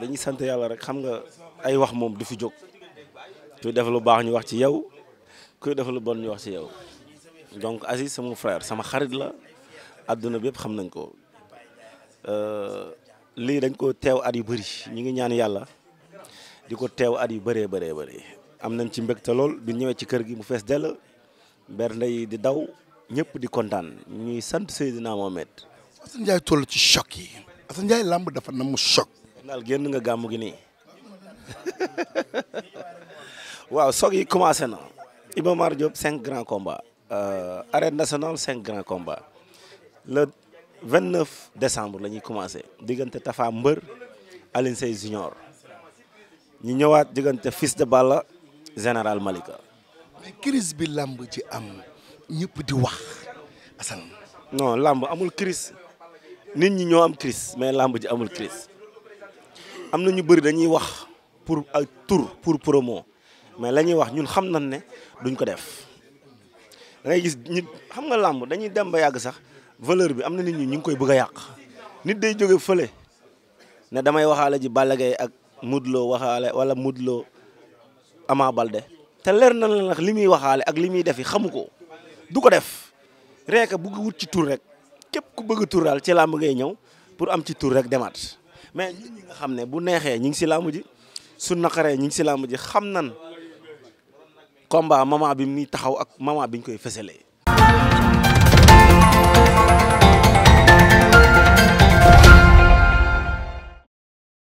dañuy sant yàlla rek xam nga ay wax moom du fi jóg kuy def lu baax ñu wax ci yow kuy def lu bon wax ci yow donc asi sama frair sama xarit la àdduna bi yëpp xam nañ ko euh, lii dañ ko teew at yu bëri ñu ngi ñaan yàlla di ko teew at yu bëree bëree bëri am nañ ci mbégte lool bi ñëwee ci kër gi mu fees dell bernde yi di daw ñëpp di kontaan ñuy sant Seydina Mohamed. Assane Ndiaye toll ci choc yi Assane Ndiaye làmb dafa nam mu dal genn nga gamu gi ni waaw sok yi commencé na Iba Mar job 5 grands combats euh, arène national 5 grands combats le 29 décembre lañuy commencé digënté Tafa mbeur aline sey Junior ñi ñëwaat digënté Fils de Balla Général Malika. mais kris bi lamb ci am ñëpp di wax asan non lamb amul Kris, nit ñi ñoo am kris mais lamb ji amul kris am na ñu bëri dañuy wax pour ay tour pour promo mais la ñuy wax ñun xam nañ ne duñ ko def da ngay gis nit xam nga làmb dañuy dem ba yàgg sax valeur bi am na nit ñi ñu ngi koy bëgg a yàq nit day jóge fële ne damay waxaale ji Balla ak Modou Lo waxaale wala Modou Lo Ama Baldé te leer na la nag li muy waxaale ak li muy defi xamu ko du ko def reeka bugg wut ci tur rek képp ku bëgg a tural ci làmb ngay ñëw pour am ci tur rek demaat mais ñun ñi nga xam ne bu neexee ñu ngi si làmb ji su naqaree ñu ngi si làmb ji xam nan combat moment bi muy taxaw ak moment bi ñu koy fësalee